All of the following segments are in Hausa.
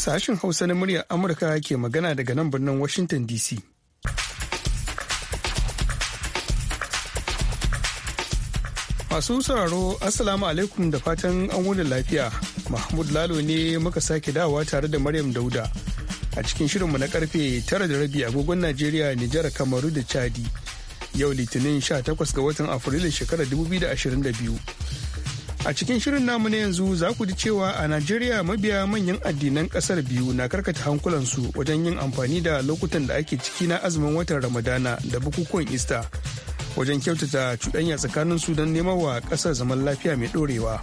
Sashen Hausa na muryar Amurka ke magana daga nan birnin Washington DC. Masu sauraro Assalamu alaikum da fatan an wuni lafiya. Mahmud Lalo ne muka sake dawa tare da Maryam Dauda. A cikin shirinmu na karfe tara da rabi agogon Najeriya, Nijar, Kamaru da Chadi. Yau Litinin 18 ga watan Afrilu shekarar 2022. A cikin shirin namu na yanzu za ku ji cewa a Najeriya mabiya manyan addinan kasar biyu na karkata hankulansu wajen yin amfani da lokutan da ake ciki na azumin watan Ramadana da bukukuwan Ista wajen kyautata cuɗanya tsakanin su don neman wa ƙasar zaman lafiya mai ɗorewa.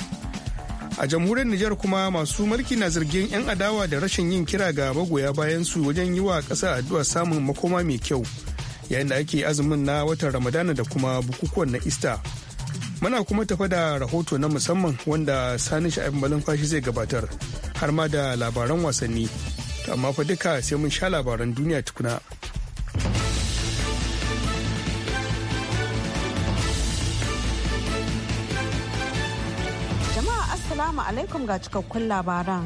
A jamhuriyar Nijar kuma masu mulki na zargin 'yan adawa da rashin yin kira ga magoya su wajen yi wa ƙasa addu'a samun makoma mai kyau yayin da ake azumin na watan Ramadana da kuma bukukuwan na Ista. Muna kuma tafa da rahoto na musamman wanda sani sha'ibin fashi zai gabatar har ma da labaran wasanni. Amma fa duka sai mun sha labaran duniya tukuna. Jama'a Assalamu alaikum ga cikakkun labaran.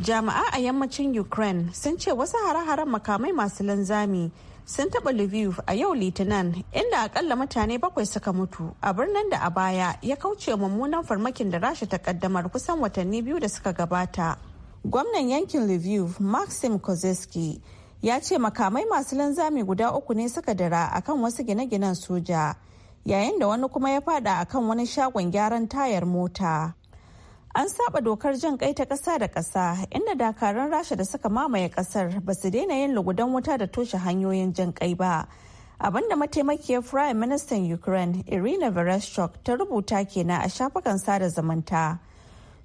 jama'a a yammacin Ukraine sun ce wasu hare-haren makamai masu linzami sun taɓa Lviv a yau Litinin inda akalla mutane bakwai suka mutu a birnin da a baya ya kauce mummunan farmakin da Rasha ta kaddamar kusan watanni biyu da suka gabata. Gwamnan yankin Lviv Maxim Kozeski ya ce makamai masu linzami guda uku ne suka dara akan wasu gine-ginen soja yayin da wani kuma ya fada akan wani shagon gyaran tayar mota. an saba dokar jan kai ta kasa da kasa inda dakaran rasha da suka mamaye kasar ba su daina yin lugudan wuta da toshe hanyoyin jan kai ba abinda mataimakiyar prime minister ukraine irina vereshchuk ta rubuta kenan a shafukan sada zumunta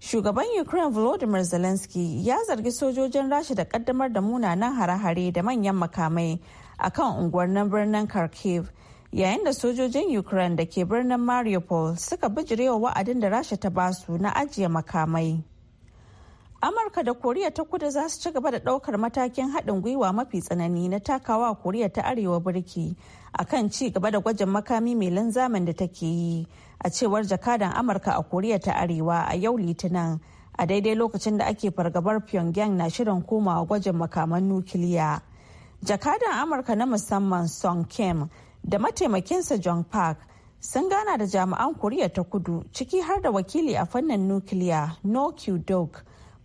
shugaban ukraine volodymyr zelensky ya zargi sojojin rasha da kaddamar da munanan hare-hare da manyan makamai akan unguwannin birnin kharkiv yayin da sojojin ukraine da ke birnin mariupol suka bijirewa wa'adin da rasha ta basu na ajiye makamai amurka da koriya ta kudu za su ci gaba da daukar matakin haɗin gwiwa mafi tsanani na takawa koriya ta arewa birki a kan ci gaba da gwajin makami mai linzamin da take yi a cewar jakadan amurka a koriya ta arewa a yau litinin a daidai lokacin da ake fargabar pyongyang na shirin komawa gwajin makaman nukiliya jakadan amurka na musamman song kim da mataimakinsa John Park sun gana da jami'an Koriya ta kudu ciki har da wakili a fannin nukiliya No Dog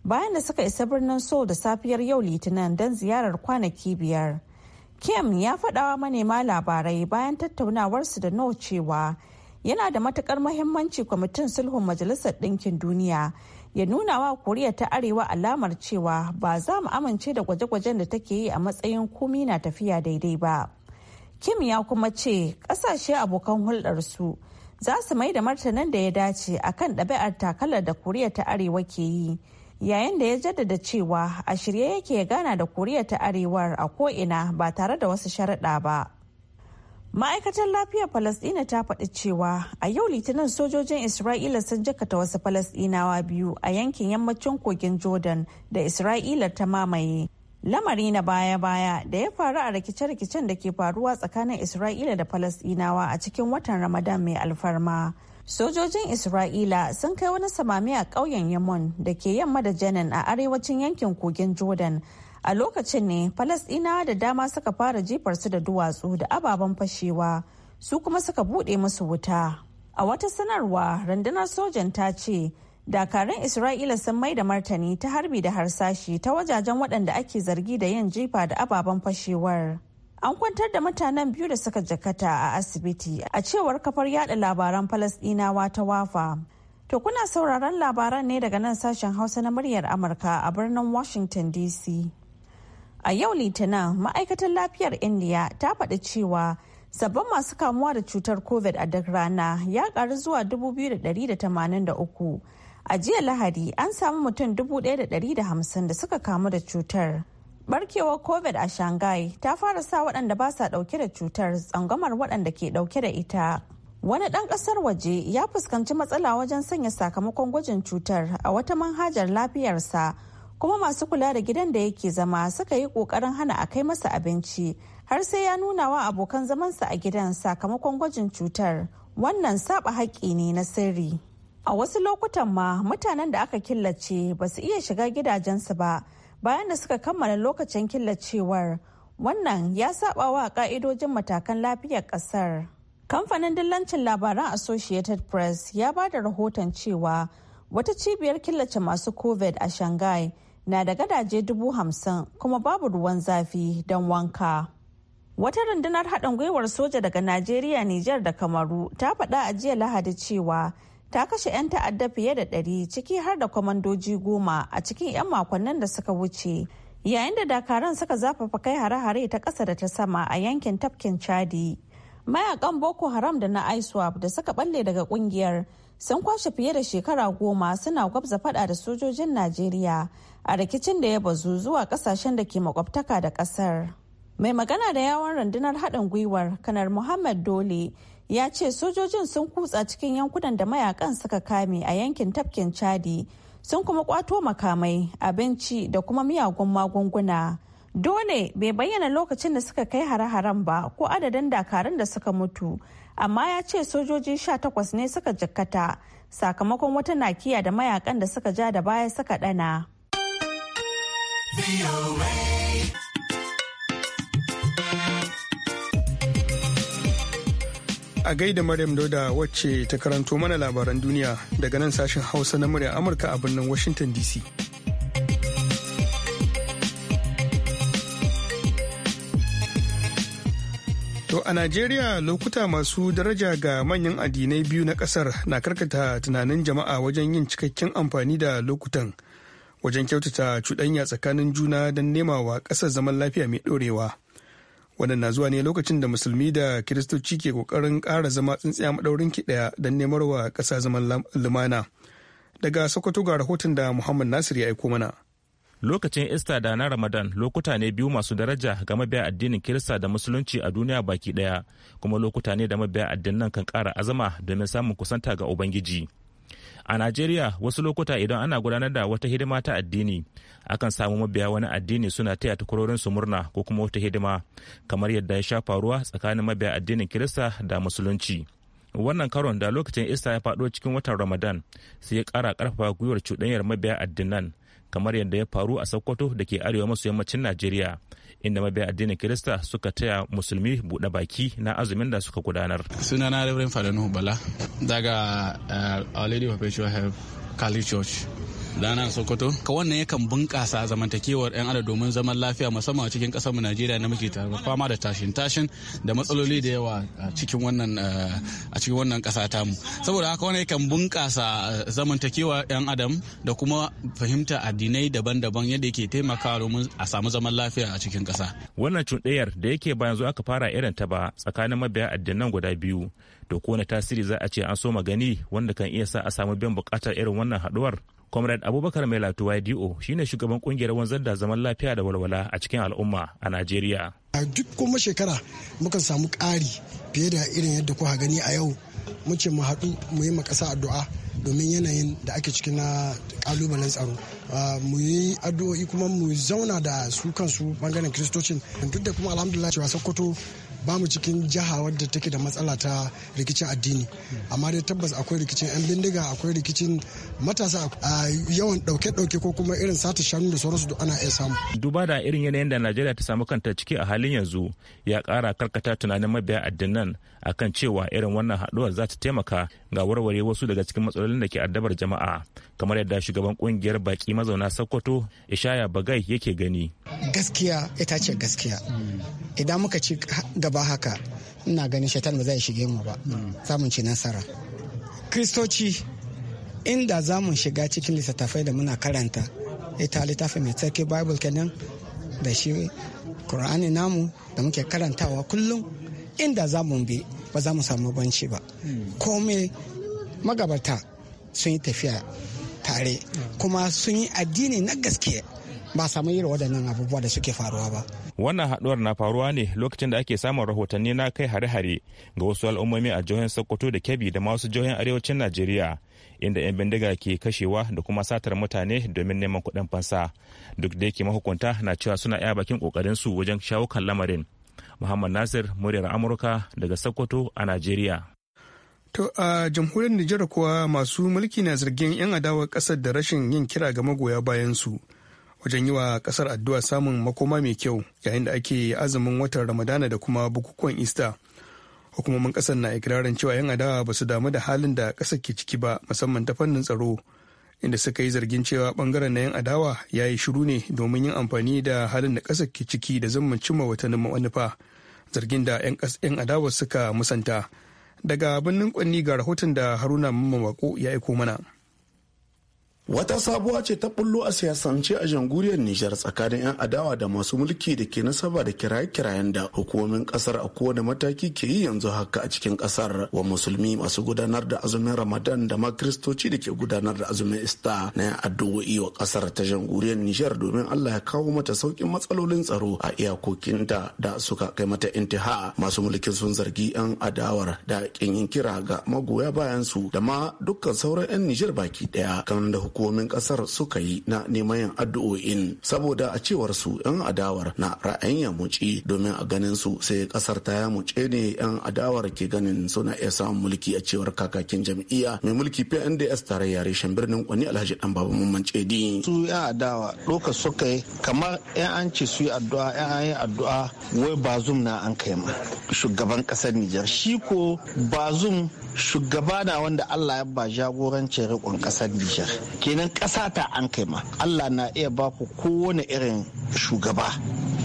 bayan da suka isa birnin Seoul da safiyar yau Litinin don ziyarar kwanaki biyar. Kim ya faɗawa manema labarai bayan tattaunawarsu da No cewa yana da matukar mahimmanci kwamitin sulhun majalisar ɗinkin duniya ya nuna wa koriya ta arewa alamar cewa ba za mu amince da gwaje-gwajen da take yi a matsayin komi na tafiya daidai ba Kim ya kuma ce kasashe abokan hulɗarsu za su mai da martanin da ya dace akan ɗabi'ar takalar da Koriya ta Arewa ke yi yayin da ya jaddada cewa a shirye yake gana da Koriya ta Arewar a ko'ina ba tare da wasu sharaɗa ba. Ma'aikatar lafiyar Falasɗina ta faɗi cewa a yau litinin sojojin Isra'ila sun jakata wasu Falasɗinawa biyu a yankin yammacin kogin Jordan da Isra'ila ta mamaye. lamari na baya-baya da ya faru a rikice-rikicen da ke faruwa tsakanin isra'ila da falasdinawa a cikin watan ramadan mai alfarma sojojin isra'ila sun kai wani samami a ƙauyen yamon da ke yamma da janin a arewacin yankin kogin jordan a lokacin ne falasdinawa da dama suka fara su da duwatsu da ababen fashewa su kuma suka buɗe musu wuta a wata sanarwa rundunar sojan ta ce dakarun isra'ila sun mai da martani ta harbi da harsashi ta wajajen waɗanda ake zargi da yin jifa da ababen fashewar an kwantar da mutanen biyu da suka jakata a asibiti a cewar kafar yada labaran falasdinawa ta wafa to kuna sauraron labaran ne daga nan sashen hausa na muryar amurka a birnin washington dc a yau litinin ma'aikatar lafiyar indiya ta faɗi cewa sabbin masu kamuwa da cutar covid a duk rana ya ƙaru zuwa 2,183 a jiya lahadi an samu mutum 1,150 da suka kamu da cutar barkewar covid a shanghai ta fara sa waɗanda ba sa ɗauke da cutar tsangamar waɗanda ke ɗauke da ita wani ɗan ƙasar waje ya fuskanci matsala wajen sanya sakamakon gwajin cutar a wata manhajar lafiyarsa kuma masu kula da gidan da yake zama suka yi ƙoƙarin hana a kai masa abinci har sai ya nuna wa abokan zamansa a gidan sakamakon gwajin cutar wannan saba haƙƙi ne na sirri A wasu lokutan ma mutanen da aka killace ba su iya shiga gidajensu ba bayan da suka kammala lokacin killacewar wannan ya saba wa ka'idojin matakan lafiyar kasar. Kamfanin dillancin labaran Associated Press ya ba da rahoton cewa wata cibiyar killace masu COVID a Shanghai na da gadaje dubu hamsin kuma babu ruwan zafi don wanka. Wata rundunar haɗin gwiwar soja daga Najeriya, Nijar da Kamaru ta faɗa a jiya Lahadi cewa ta kashe 'yan ta'adda fiye da ɗari ciki har da kwamandoji goma a cikin 'yan makonnin da suka wuce yayin da dakaran suka zafafa kai hare-hare ta ƙasa da ta sama a yankin tafkin chadi mayakan boko haram da na iswap da suka balle daga kungiyar sun kwashe fiye da shekara goma suna gwabza fada da sojojin najeriya a rikicin da ya bazu zuwa kasashen da ke makwabtaka da kasar mai magana da yawon rundunar haɗin gwiwar kanar muhammad dole ya ce sojojin sun kutsa cikin yankunan da mayakan suka kame a yankin tafkin chadi sun kuma kwato makamai abinci da kuma miyagun magunguna dole bai bayyana lokacin da suka kai hare-haren ba ko adadin dakarun da suka mutu amma ya ce sojoji 18 ne suka jikkata sakamakon wata nakiya da mayakan da suka ja da baya suka dana. a gaida Maryam doda wacce ta karanto mana labaran duniya daga nan sashen Hausa na murya Amurka a birnin Washington DC. To a Najeriya lokuta masu daraja ga manyan addinai biyu na kasar na karkata tunanin jama'a wajen yin cikakken amfani da lokutan wajen kyautata cuɗanya tsakanin juna don nemawa ƙasar zaman lafiya mai ɗorewa. wannan zuwa ne lokacin da musulmi da kiristoci ke kokarin ƙara zama tsintsiya maɗaurin ki ɗaya don nemar wa ƙasa zaman lumana daga sokoto ga rahoton da muhammad nasir ya aiko mana lokacin ista da na ramadan lokuta ne biyu masu daraja ga mabiya addinin kirista da musulunci a duniya baki ɗaya kuma lokuta ne da mabiya addinin kan ƙara azama domin samun kusanta ga ubangiji a najeriya wasu lokuta idan ana gudanar da wata hidima ta addini akan samu mabiya wani addini suna taya takwarorin su murna ko kuma wata hidima kamar yadda ya sha faruwa tsakanin mabiya addinin kirista da musulunci wannan karon da lokacin ista ya faɗo cikin watan ramadan sai ya ƙara ƙarfafa gwiwar cuɗanyar mabiya addinan kamar yadda ya faru a sokoto da ke arewa maso yammacin najeriya inda mabiya addinin kirista suka taya musulmi buɗe baki na azumin da suka gudanar sunana reverend fadan bala daga uh, our lady of perpetual health catholic church dana sokoto ka wannan yakan bunƙasa zamantakewar 'yan adam domin zaman lafiya musamman a cikin mu najeriya na muke fama da tashin tashin da matsaloli da yawa a cikin wannan a cikin wannan ƙasa mu saboda haka wannan yakan bunƙasa eh, zamantakewar 'yan adam da kuma fahimta addinai daban-daban yadda yake taimakawa domin a samu zaman lafiya a cikin ƙasa wannan cuɗayar da yake ba yanzu aka fara irin ta ba tsakanin mabiya addinan guda biyu da na tasiri za a ce an so magani wanda kan iya sa a samu biyan bukatar irin wannan haɗuwar comrade abubakar mai lato ydo shine shugaban kungiyar wanzar da zaman lafiya da walwala a cikin al'umma a najeriya a duk kuma shekara mukan samu ƙari fiye da irin yadda kuka gani a yau mun ce mu haɗu mu yi makasa addu'a domin yanayin da ake cikin na kalubalen tsaro mu yi addu'o'i kuma mu zauna da su kansu bangaren kiristocin duk da kuma alhamdulillah cewa sokoto ba mu cikin jiha wadda take da matsala ta rikicin addini amma dai tabbas akwai rikicin 'yan bindiga akwai rikicin matasa a yawan dauke-dauke ko kuma irin sata shanu da sauransu duk ana iya samu duba da irin yanayin da najeriya ta samu kanta ciki a halin yanzu ya kara karkata tunanin mabiya addinan akan cewa irin wannan haduwar za ta taimaka ga warware wasu daga cikin matsalolin da ke addabar jama'a kamar yadda shugaban kungiyar baki mazauna sokoto ishaya bagai yake gani gaskiya ita ce gaskiya idan muka ci gaba haka ina ganin shaitan ba zai shige mu ba samun ci nasara kristoci inda za mu shiga cikin littattafai da muna karanta ita littafi mai tsarki bible kenan da shi kur'ani namu da muke karantawa kullum inda za mu bi ba za mu samu banci ba komai magabata sun yi tafiya tare kuma sun yi addini na gaske ba samu yi waɗannan abubuwa da suke faruwa ba wannan haɗuwar na faruwa ne lokacin da ake samun rahotanni na kai hare-hare ga wasu al'ummomi a jihohin sokoto da kebbi da masu jihohin arewacin najeriya inda 'yan bindiga ke kashewa da kuma satar mutane domin neman kuɗin fansa duk da yake mahukunta na cewa suna iya bakin kokarin su wajen shawo kan lamarin Muhammad Nasir muryar Amurka daga Sokoto a Najeriya. To a jamhuriyar Nijar kuwa masu mulki na zargin 'yan adawa kasar da rashin yin kira ga magoya bayansu wajen yi wa kasar addu'a samun makoma mai kyau yayin da ake azumin watan Ramadana da kuma bukukuwan Easter. Hukumomin ƙasar na ikirarin cewa 'yan adawa ba su damu da halin da ƙasar ke ciki ba musamman ta fannin tsaro. inda suka yi zargin cewa bangaren na 'yan adawa ya yi shiru ne domin yin amfani da halin da ƙasa ke ciki da zaman cimma watannin manufa zargin da 'yan adawa suka musanta daga birnin kwanni ga rahoton da haruna mamako ya aiko mana. Wata sabuwa ce ta bullo a siyasance a janguriyar Nijar tsakanin 'yan adawa da masu mulki da ke nasaba da kiraye-kirayen da hukumomin kasar a kowane mataki ke yi yanzu haka a cikin kasar wa musulmi masu gudanar da azumin Ramadan da ma Kiristoci da ke gudanar da azumin Ista na 'yan addu'o'i wa kasar ta janguriyar Nijar domin Allah ya kawo mata saukin matsalolin tsaro a iyakokinta da suka kai mata intiha masu mulkin sun zargi 'yan adawar da kin yin kira ga magoya bayan su da ma dukkan sauran 'yan Nijar baki ɗaya, kan da hukumomin kasar suka yi na neman yin addu'o'in saboda a cewar su yan adawar na ra'ayin ya muci domin a ganin su sai kasar ta ya muce ne yan adawar ke ganin suna iya samun mulki a cewar kakakin jam'iyya mai mulki PNDS yare shan birnin Kwani Alhaji Dan Baba Mamman Cedi. Su yan adawa doka suka yi kamar yan an ce su yi addu'a yan an yi addu'a wai bazum na an kai ma shugaban kasar Nijar shi ko bazum shugaba na wanda Allah ya ba jagorancin rikon kasar Nijar kenan ƙasa ta an kai ma Allah na iya baku kowane irin shugaba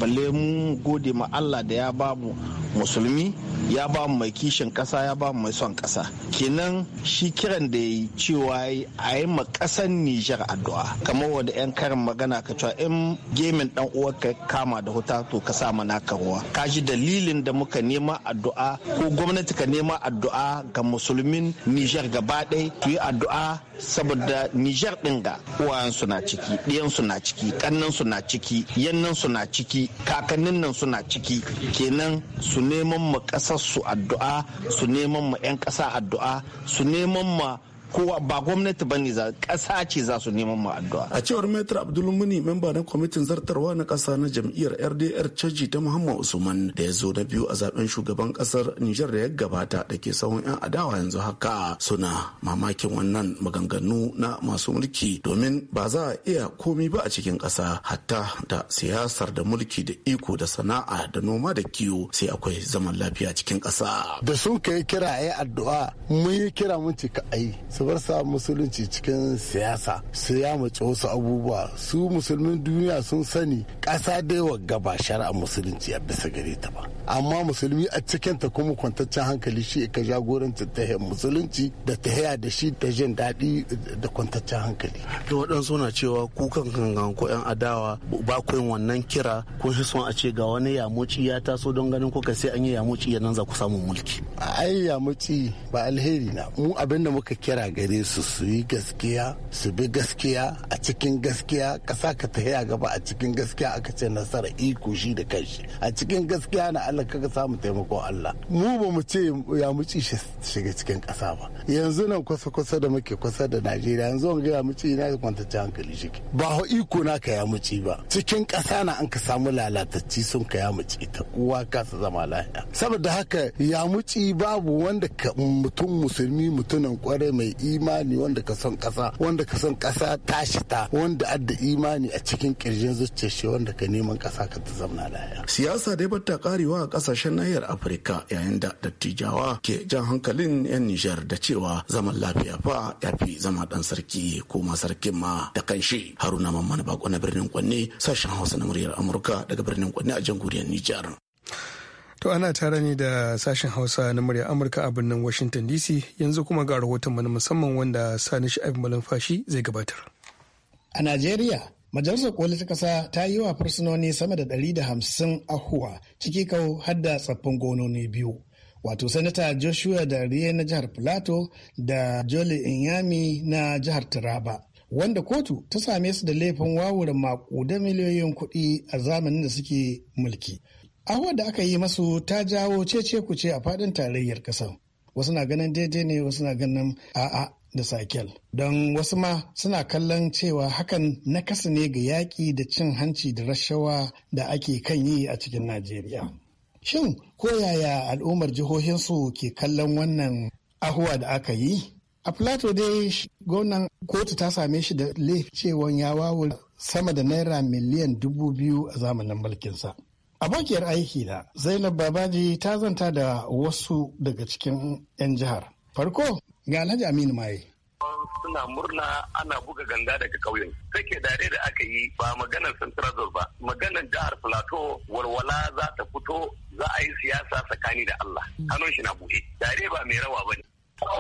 balle mu gode ma allah da ya ba mu musulmi ya ba mu mai kishin kasa ya ba mu mai son kasa kenan shi kiran da ya yi cewa a yi ma kasan nijar addu'a kamar wanda yan karin magana ka cewa in gemin dan ka kama da huta to ka sa mana ruwa ka ji dalilin da muka nema addu'a ko gwamnati ka nema addu'a ga musulmin nijar gaba ɗaya to yi addu'a saboda nijar ɗin ga uwayensu na ciki ɗiyansu na ciki kannansu na ciki yannan na ciki kakannin nan suna ciki kenan su neman ma kasar su addu'a su neman ma 'yan ƙasa addu'a su neman ma kowa ba gwamnati ba ne ƙasa ce za su neman mu addu'a. A cewar Maitre Abdulmuni memba na kwamitin zartarwa na ƙasa na jam'iyyar RDR Caji ta Muhammad Usman da ya zo na biyu a zaben shugaban ƙasar Nijar da ya gabata da ke sahun 'yan adawa yanzu haka suna mamakin wannan maganganu na masu mulki domin ba za a iya komi ba a cikin ƙasa hatta da siyasar da mulki da iko da sana'a da noma da kiwo sai akwai zaman lafiya cikin ƙasa. Da sun kai kira ya yi addu'a mun yi kira mun ce ayi su bar sa musulunci cikin siyasa su ya mace wasu abubuwa su musulmin duniya sun sani ƙasa dai wagga ba shari'a musulunci a bisa gare ta ba amma musulmi a cikin ta kuma kwantaccen hankali shi ka jagoranci ta musulunci da ta da shi da jin daɗi da kwantaccen hankali. da waɗansu na cewa kukan kankan ko 'yan adawa ba ku wannan kira kun shi son a ce ga wani yamuci ya taso don ganin kuka sai an yi yamuci ya nan za ku samu mulki. ai yamuci ba alheri na mu abin da muka kira gare su su yi gaskiya su bi gaskiya a cikin gaskiya kasa ka ta ya gaba a cikin gaskiya aka ce nasara iko shi da kanshi a cikin gaskiya na Allah kaga samu taimako Allah mu ba mu ce ya mu ci shiga cikin ƙasa ba yanzu nan kwasa kwasa da muke kwasa da Najeriya yanzu ga ya mu ci na ta hankali shi ba iko na ka ya mu ci ba cikin ƙasa na an ka samu lalatacci sun ka ya mu ci ta kowa ka su zama lafiya saboda haka ya mu ci babu wanda mutum musulmi mutumin kwarai mai imani wanda ka son kasa wanda ka son kasa ta shita wanda adda imani a cikin kirjin zuciyar shi wanda ka neman kasa ka ta zamna lafiya siyasa dai bata karewa a kasashen nahiyar afirka yayin da dattijawa ke jan hankalin yan nijar da cewa zaman lafiya fa ya fi zama dan sarki ko ma sarkin ma da kanshi haruna mamman bako na birnin kwanne sashen hausa na muryar amurka daga birnin kwanne a jamhuriyar nijar To ana tare ne da sashen Hausa na murya Amurka a birnin Washington DC yanzu kuma ga rahoton na musamman wanda Sani Sha'ib Malumfashi zai gabatar. A Najeriya, Majalisar Koli ta Ƙasa ta yi wa fursunoni sama da ɗari da hamsin ahuwa ciki kau har da tsaffin gononi biyu. Wato Sanata Joshua da Riye na jihar Plateau da Jolly Inyami na jihar Taraba. wanda kotu ta same su da laifin wawurin maƙuda miliyoyin kuɗi a zamanin da suke mulki. Abubuwan da aka yi masu ta jawo cece kuce a fadin tarayyar ƙasar. Wasu na ganin daidai ne wasu na ganin a'a da sakel. Don wasu ma suna kallon cewa hakan na kasa ne ga yaƙi da cin hanci da rashawa da ake kan yi a cikin Najeriya. Shin ko yaya al'ummar jihohinsu ke kallon wannan ahuwa da aka yi? A Plato dai gwamnan kotu ta same shi da laifin cewa ya wawo sama da naira miliyan dubu biyu a zamanin mulkinsa. Abokiyar aiki na Zainab Babaji ta zanta da wasu daga cikin 'yan jihar. Farko ga Alhaji Aminu Maye. suna murna ana buga ganga daga ƙauyen. take dare da aka yi ba maganar Central ba, maganar jihar Plateau walwala za ta fito za a yi siyasa tsakani da Allah. Hannun shi na buɗe. Dare ba mai rawa ba ne.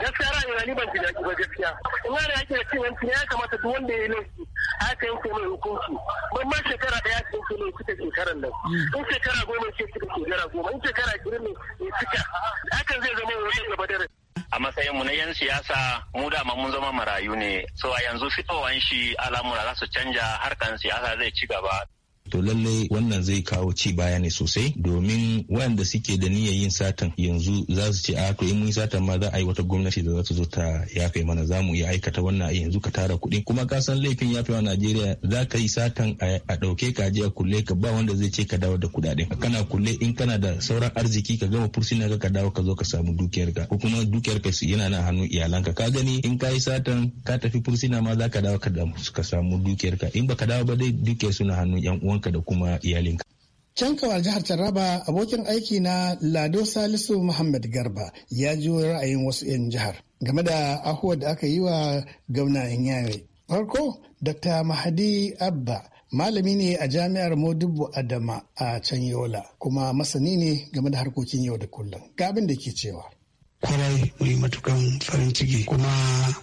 gaskiya ra'ayi ni ban ji ba gaskiya in da yake da cin hanci ya kamata duk wanda ya yi laifi aka yanke mai hukunci ban ma shekara ɗaya aka yanke mai cika shekaran nan in shekara goma ce cika shekara goma in shekara ashirin ne ya cika hakan zai zama wani gaba da a matsayin mu na yan siyasa mu dama mun zama marayu ne so a yanzu fitowan shi al'amura za su canja harkan siyasa zai ci gaba to lallai wannan zai kawo ci baya ne sosai domin wanda suke da niyyar yin satan yanzu za su ce a to in mun satan ma za a yi wata gwamnati da za ta zo ta yafe mana za mu iya aikata wannan a yanzu ka tara kuɗi kuma ka san laifin yafe wa Najeriya za ka yi satan a ɗauke ka je kulle ka ba wanda zai ce ka dawo da kuɗaɗen kana kulle in kana da sauran arziki ka gama fursuna ka dawo ka zo ka samu dukiyar ka ko kuma dukiyar su yana na hannun iyalanka ka gani in ka yi satan ka tafi fursuna ma za ka dawo ka samu dukiyar ka in ba ka dawo ba dai dukiyar suna hannun yan uwan kanka da kuma iyalinka. Can kawar jihar Taraba abokin aiki na Lado Salisu Muhammad Garba ya ji ra'ayin wasu 'yan jihar game da ahuwar da aka yi wa gwamna yare. Farko, Dr. Mahadi Abba malami ne a jami'ar Modibbo Adama a can Yola kuma masani ne game da harkokin yau da kullum. Ga abin da ke cewa. kwarai mai matukan farin ciki kuma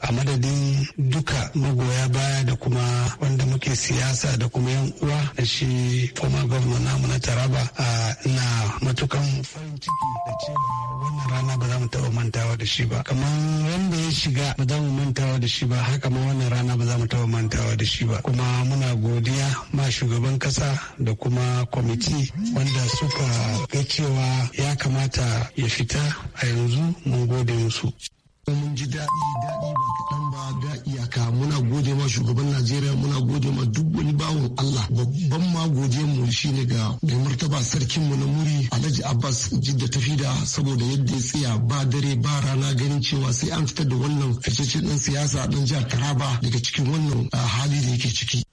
a madadin duka magoya baya da kuma wanda muke siyasa da kuma yan uwa da shi former governor namu na taraba na matukan farin ciki da cewa wannan rana ba za mu taɓa mantawa da shi ba kamar wanda ya shiga ba za mu mantawa da shi ba haka ma wannan rana ba za mu taɓa mantawa da shi ba kuma muna godiya ma shugaban kasa da kuma kwamiti wanda suka ga cewa ya kamata ya fita a yanzu mun gode musu mun ji daɗi daɗi ba kaɗan ba ga iyaka muna gode ma shugaban najeriya muna gode ma duk wani bawon allah babban ma gode mu shi ne ga mai martaba sarkin mu na muri alhaji abbas jidda tafi da saboda yadda ya tsaya ba dare ba rana ganin cewa sai an fitar da wannan fitaccen dan siyasa dan jihar taraba daga cikin wannan ah, hali da yake ciki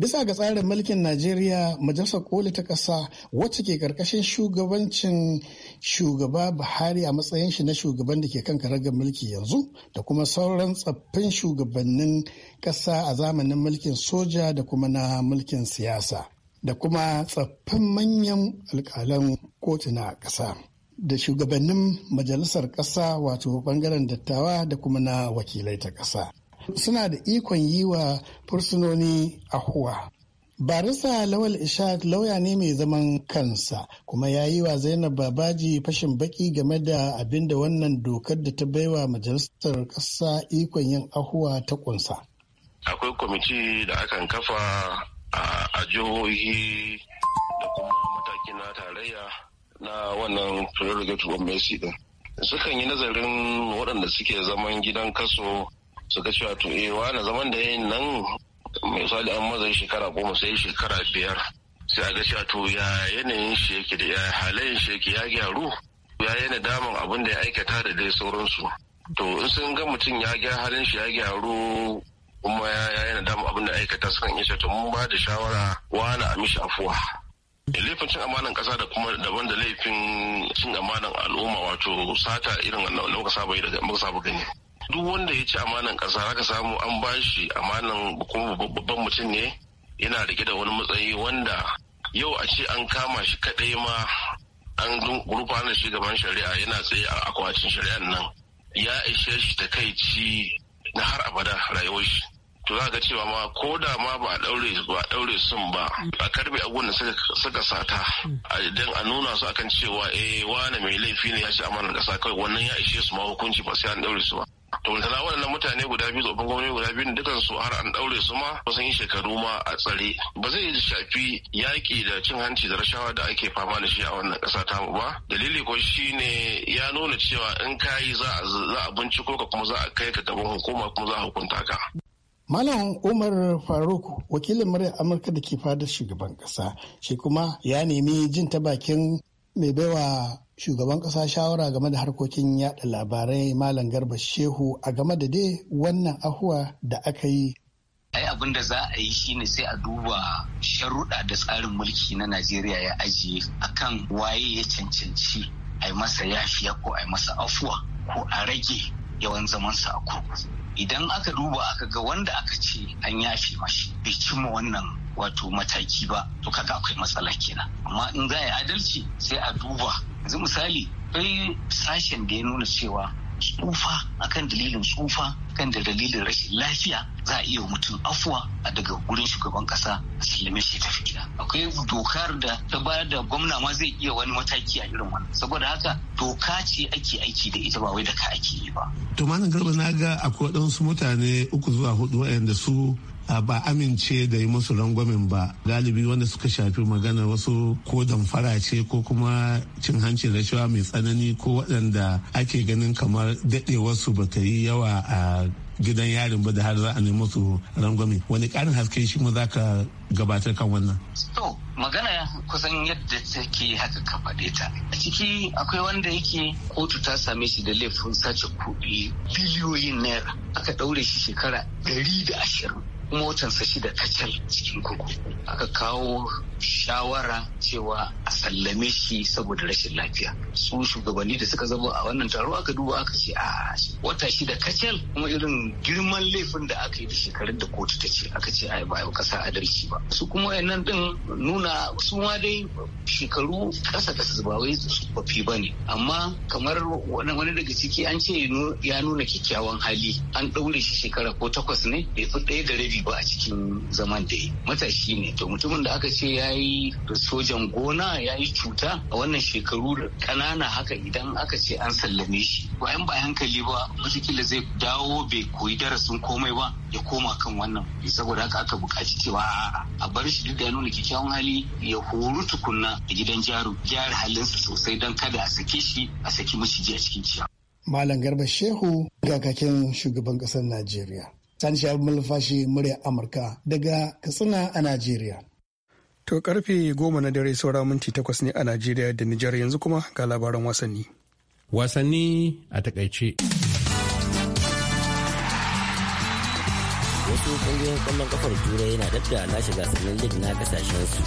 Bisa ga tsarin mulkin Najeriya, Majalisar Koli ta ƙasa wacce ke ƙarƙashin shugabancin shugaba Buhari a matsayin shi na shugaban da ke kan karagar mulki yanzu da kuma sauran tsaffin shugabannin ƙasa a zamanin mulkin soja da kuma na mulkin siyasa da kuma tsaffin manyan alƙalan kotuna a ƙasa. Da shugabannin majalisar ƙasa wato bangaren dattawa da kuma na wakilai ta ƙasa. suna da ikon yi wa fursunoni a huwa. Barisa Lawal Ishaq lauya ne mai zaman kansa kuma ya yi wa Zainab Babaji fashin baki game da abinda wannan dokar da ta baiwa majalisar ƙasa ikon yin ahuwa ta kunsa. Akwai kwamiti da akan kafa a jihohi da kuma mataki na tarayya na wannan prerogative gwamnati din. Sukan yi nazarin waɗanda suke zaman gidan kaso suka cewa to eh wani zaman da ya yi nan misali an mazari shekara goma sai shekara biyar sai a ga cewa to ya yanayin shi yake da ya halayen shi yake ya gyaru ya yana damar abin da ya aikata da dai sauransu to in sun ga mutum ya gyara halin shi ya gyaru kuma ya yana damar abin da aikata sukan iya to mun ba da shawara wani a mishi afuwa laifin cin amanan kasa da kuma daban da laifin cin amanan al'umma wato sata irin wannan muka saba gani duk wanda ya ci amanan kasa zaka samu an bashi amanan kuma babban mutum ne yana rike da wani matsayi wanda yau a ce an kama shi kadai ma an na shi gaban shari'a yana tsaye a akwatin shari'an nan ya ishe shi ta kai ci na har abada rayuwar shi to za ga cewa ma ko da ma ba daure ba daure sun ba a karbe abubuwan da suka sata idan a nuna su akan cewa eh wani mai laifi ne ya ci amanar kasa kawai wannan ya ishe su ma hukunci ba sai an daure su ba to mutala waɗannan mutane guda biyu tsofin gwamnati guda biyu dukan su har an ɗaure su ma kusan yi shekaru ma a tsare ba zai shafi yaƙi da cin hanci da rashawa da ake fama da shi a wannan ƙasa ta ba dalili ko ne ya nuna cewa in ka yi za a binciko ka kuma za a kai ka gaban hukuma kuma za a hukunta ka Malam Umar Faruk wakilin murya Amurka da ke fadar shugaban ƙasa, shi kuma ya nemi jin ta bakin mai baiwa shugaban ƙasa shawara game da harkokin yada labarai malam garba shehu a game da dai wannan ahuwa da aka yi ai abin da za a yi shine sai a duba sharuɗa da tsarin mulki na najeriya ya ajiye akan waye ya cancanci a yi masa yafiya ko a yi masa afuwa ko a rage yawan zamansa a kurkuku idan aka duba aka ga wanda aka ce an yafi mashi bai cimma wannan wato mataki ba to kaga akwai matsala kenan amma in za a yi adalci sai a duba yanzu misali akwai sashen da ya nuna cewa tsufa akan dalilin tsufa kan da dalilin rashin lafiya za a iya mutum afuwa a daga gurin shugaban kasa a sallame shi tafi gida akwai dokar da ta bayar da gwamna ma zai iya wani mataki a irin wannan saboda haka doka ce ake aiki da ita ba wai da ka ake yi ba to malam garba na ga akwai waɗansu mutane uku zuwa hudu waɗanda su a ba amince da yi musu rangwamen ba galibi wanda suka shafi magana wasu ko damfara ce ko kuma cin hanci rashawa mai tsanani ko waɗanda ake ganin kamar wasu ba ta yi yawa a gidan yarin ba da har za a nemi su rangwame wani ƙarin haske shi ma za ka gabatar kan wannan. to magana kusan yadda take haka ka faɗe ta a ciki akwai wanda yake kotu ta same shi da laifin sace kuɗi biliyoyin naira aka ɗaure shi shekara ɗari da ashirin shi da kacal cikin kuku. aka kawo shawara cewa a sallame shi saboda rashin lafiya su shugabanni da suka zama a wannan taro aka duba aka ce a ah, wata da kacal kuma irin girman laifin da aka yi da shekarun da kotu ta ce aka ce ai ba kasa adalci ba su kuma wayannan din nuna su ma dai shekaru kasa kasa ba wai tsofaffi ba ne amma kamar wani daga ciki an ce ya nuna kyakkyawan hali an ɗaure shi shekara ko takwas ne bai fi ɗaya da rabi ba a cikin zaman da yi matashi ne to mutumin da aka ce ya yi sojan gona ya yi cuta a wannan shekaru kanana haka idan aka ce an sallame shi bayan ba hankali ba watakila zai dawo bai koyi darasin komai ba ya koma kan wannan saboda haka aka buƙaci cewa a bar shi duk da ya nuna kyakkyawan hali ya horu tukunna a gidan jaro gyara halinsa sosai don kada a sake shi a saki maciji a cikin ciyawa. Malam Garba Shehu kakakin shugaban ƙasar Najeriya. Sani Shabi murya Amurka daga Katsina a Najeriya. To karfe goma na dare saura minti takwas ne a Najeriya da Nijar yanzu kuma ga labaran wasanni. Wasanni a takaice. Wasu kungiyoyin kwallon kafar turai na dab na shiga gasannin lig na kasashen su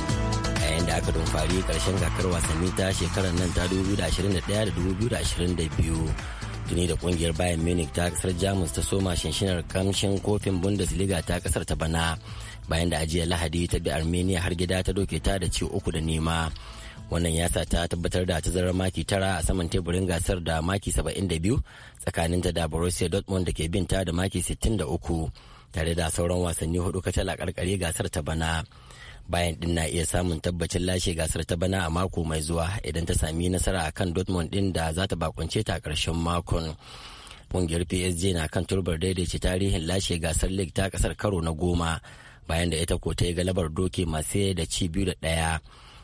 yayin da aka dumfari karshen kakar wasanni ta shekarar nan ta 2021 da 2022. tuni da kungiyar bayern munich ta kasar jamus ta soma shinshinar kamshin kofin bundesliga ta kasar ta bana bayan da ajiyar lahadi ta bi armenia har gida ta doke ta da ci uku da nema wannan ya sa ta tabbatar da tazarar maki tara a saman teburin gasar da maki 72 ta da borussia dortmund da ke bin ta da maki 63 tare da sauran wasanni hudu kacal a karkare gasar ta bana bayan din na iya samun tabbacin lashe gasar ta bana a mako mai zuwa idan ta sami nasara a kan dortmund din da za ta bakunce ta karshen makon kungiyar psg na kan turbar daidaita tarihin lashe gasar league ta kasar karo na goma bayan da ita ko ta yi galabar doki masu da ci biyu da ɗaya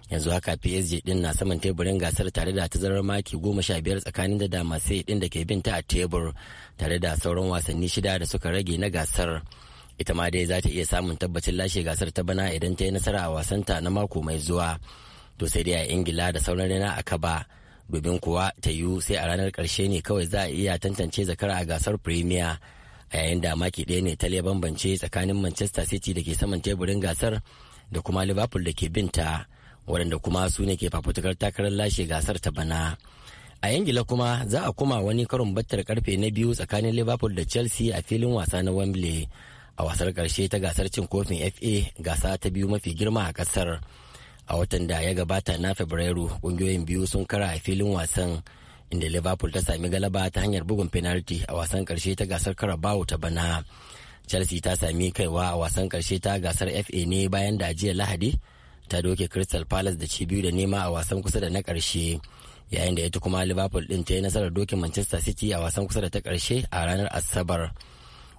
yanzu haka psg din na saman teburin gasar tare da tazarar maki goma sha biyar tsakanin da da din da ke bin ta a tebur tare da sauran wasanni shida da suka rage na gasar ita ma dai za ta iya samun tabbacin lashe gasar ta bana idan ta yi nasara a wasanta na mako mai zuwa to sai dai a ingila da sauran rana a kaba domin kuwa ta yiwu sai a ranar karshe ne kawai za a iya tantance zakara a gasar premier a yayin da maki ɗaya ne ta bambance tsakanin manchester city da ke saman teburin gasar da kuma liverpool da ke binta waɗanda kuma su ne ke fafutukar takarar lashe gasar ta bana a ingila kuma za a kuma wani karon battar karfe na biyu tsakanin liverpool da chelsea a filin wasa na wembley a wasar karshe ta gasar cin kofin fa gasa ta biyu mafi girma a ƙasar a watan da ya gabata na fabrairu ƙungiyoyin biyu sun kara a filin wasan inda liverpool ta sami galaba ta hanyar bugun penalty a wasan karshe ta gasar karabawo ta bana chelsea ta sami kaiwa a wasan karshe ta gasar fa ne bayan da jiya lahadi ta doke crystal palace da ci biyu da nema a wasan kusa da na karshe yayin da ita kuma liverpool din ta yi nasarar doke manchester city a wasan kusa da ta karshe a ranar asabar.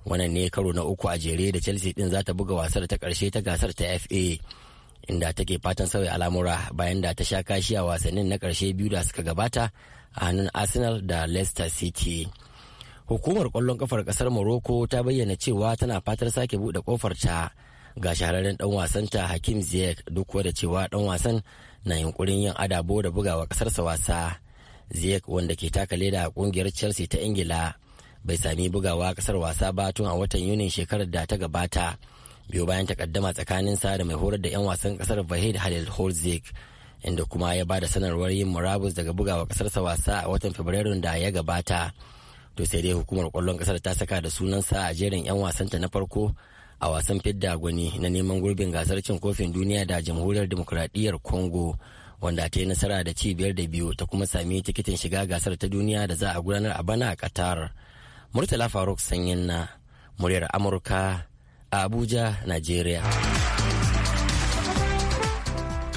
wannan ne karo na uku a jere da chelsea din za ta buga wasar ta karshe ta gasar ta fa inda take fatan sauya al'amura bayan da ta sha kashi a wasannin na karshe biyu da suka gabata a hannun arsenal da leicester city hukumar kwallon kafar kasar morocco ta bayyana cewa tana fatar sake bude kofar ta ga shahararren dan ta hakim ziyek duk da cewa dan wasan na yunkurin yin adabo da bugawa kasarsa wasa ziyek wanda ke taka leda a kungiyar chelsea ta ingila bai sami bugawa kasar wasa ba tun a watan yunin shekarar da ta gabata biyo bayan takaddama tsakanin sa da mai horar da 'yan wasan kasar vahid halil holzik inda kuma ya ba da sanarwar yin murabus daga bugawa kasarsa wasa a watan fabrairun da ya gabata to sai dai hukumar kwallon kasar ta saka da sunansa a jerin 'yan wasanta na farko a wasan fidda gwani na neman gurbin gasar cin kofin duniya da jamhuriyar demokuraɗiyyar congo wanda ta yi nasara da ci biyar da biyu ta kuma sami tikitin shiga gasar ta duniya da za a gudanar a bana a qatar Murtala Faruk Sanyin na muryar Amurka a Abuja, Najeriya.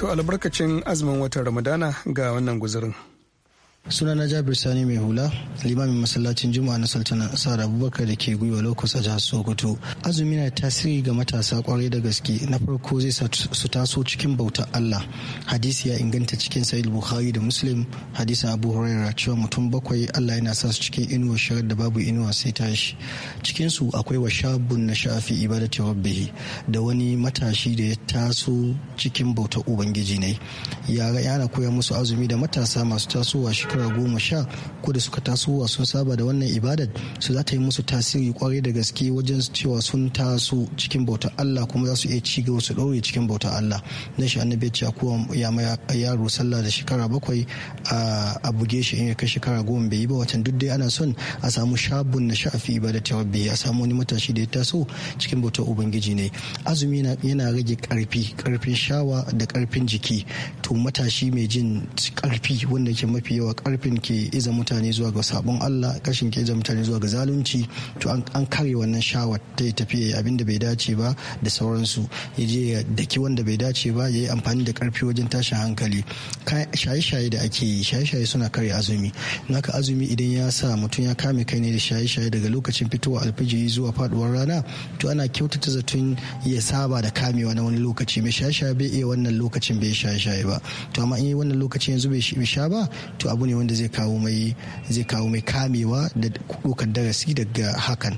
To albarkacin azumin watan Ramadana ga wannan guzurin. sunana jabir sani mai hula limamin masallacin juma'a na sultana sa'ad abubakar da ke gwiwa lokos a jihar sokoto azumi na tasiri ga matasa kwarai da gaske na farko zai su taso cikin bautar allah hadisi ya inganta cikin sahih bukhari da muslim hadisin abu huraira cewa mutum bakwai allah yana sa su cikin inuwa shirar da babu inuwa sai tashi cikin su akwai wa shabun na shafi ibadati rabbihi da wani matashi da ya taso cikin bautar ubangiji ne yara yana koya musu azumi da matasa masu tasowa shi shekara goma sha ko da suka tasowa sun saba da wannan ibadar su za ta yi musu tasiri kwarai da gaske wajen cewa sun taso cikin bautar Allah kuma za su iya ci gaba su ɗaure cikin bautar Allah na shi annabi ya ko ya mai yaro sallah da shekara bakwai a buge shi in ya kai shekara goma bai yi ba watan duk dai ana son a samu shabun na sha'afi ta rabbi a samu wani matashi da ya taso cikin bautar ubangiji ne azumi yana rage karfi karfin shawa da karfin jiki to matashi mai jin karfi wanda ke mafi yawa karfin ke iza mutane zuwa ga sabon Allah kashin ke iza mutane zuwa ga zalunci to an kare wannan shawar ta tafi abin da bai dace ba da sauransu ya je ya daki wanda bai dace ba ya yi amfani da karfi wajen tashin hankali shaye-shaye da ake yi shaye-shaye suna kare azumi naka azumi idan ya sa mutum ya kame kai ne da shaye-shaye daga lokacin fitowa alfijiri zuwa faduwar rana to ana kyautata zaton ya saba da kamewa na wani lokaci mai shaye-shaye bai iya wannan lokacin bai shaye-shaye ba to amma in yi wannan lokacin yanzu bai sha ba to abu ne ne wanda zai kawo mai zai kawo mai kamewa da ɗaukar darasi daga hakan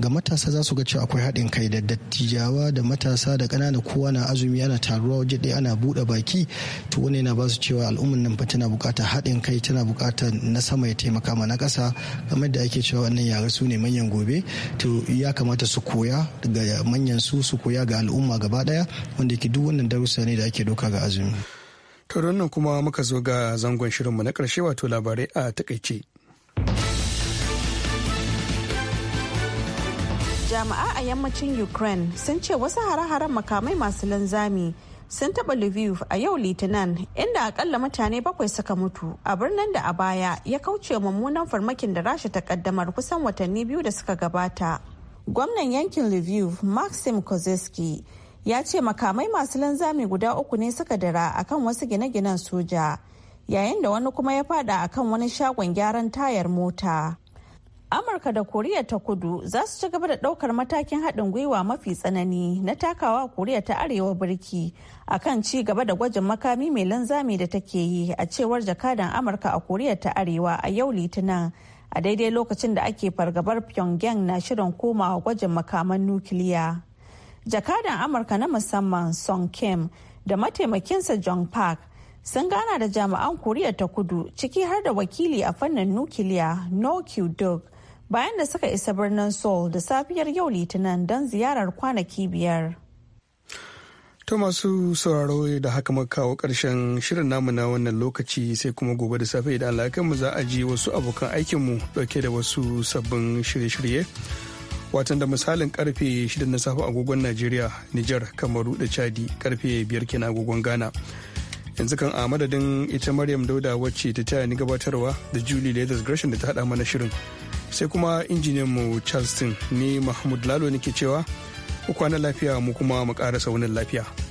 ga matasa za su ga cewa akwai haɗin kai da dattijawa da matasa da ƙanana kowa na azumi ana taruwa waje ɗaya ana buɗe baki to wani yana ba su cewa al'ummar nan fa tana buƙatar haɗin kai tana buƙatar na sama ya taimaka ma na ƙasa kamar da ake cewa wannan yare su ne manyan gobe to ya kamata su koya daga manyan su su koya ga al'umma gaba ɗaya wanda ke duk wannan darussa ne da ake doka ga azumi. To nan kuma muka zo ga zangon shirinmu na ƙarshe wato labarai a takaice. jami'a a yammacin Ukraine sun ce wasu hare-haren makamai masu linzami sun taɓa Lviv a yau Litinin inda akalla mutane bakwai suka mutu a birnin da a baya ya kauce mummunan farmakin da rasha ta kaddamar kusan watanni biyu da suka gabata. Gwamnan yankin Lviv Maxim Kozeski ya ce makamai masu lanzami guda uku ne suka dara akan wasu gine-ginen soja yayin da wani kuma ya fada akan wani shagon gyaran tayar mota amurka da koriya ta kudu za su ci gaba da daukar matakin haɗin gwiwa mafi tsanani na takawa koriya ta arewa birki akan ci gaba da gwajin makami mai linzami da take yi a cewar jakadan amurka a koriya ta arewa a yau litinin a daidai lokacin da ake fargabar pyongyang na shirin komawa gwajin makaman nukiliya jakadan amurka na musamman song kim da mataimakinsa john park sun gana da jami'an koriya ta kudu ciki har da wakili a fannin nukiliya no duk bayan da suka isa birnin seoul da safiyar yau litinin don ziyarar kwanaki biyar ta masu sauraro da haka muka kawo karshen shirin namu na wannan lokaci sai kuma gobe da safe idan mu za a ji wasu abokan aikinmu dauke da wasu sabbin shirye-shirye. watan da misalin karfe 6 na safe agogon Najeriya, Nijar, Kamaru da Chadi karfe 5 kenan agogon Ghana. Yanzu kan a madadin ita Maryam Dauda wacce ta taya ni gabatarwa da Julie Leathers Gresham da ta hada mana shirin. Sai kuma injiniyan mu Charleston ni Mahmud Lalo nake cewa ku kwana lafiya mu kuma mu ƙara saunin lafiya.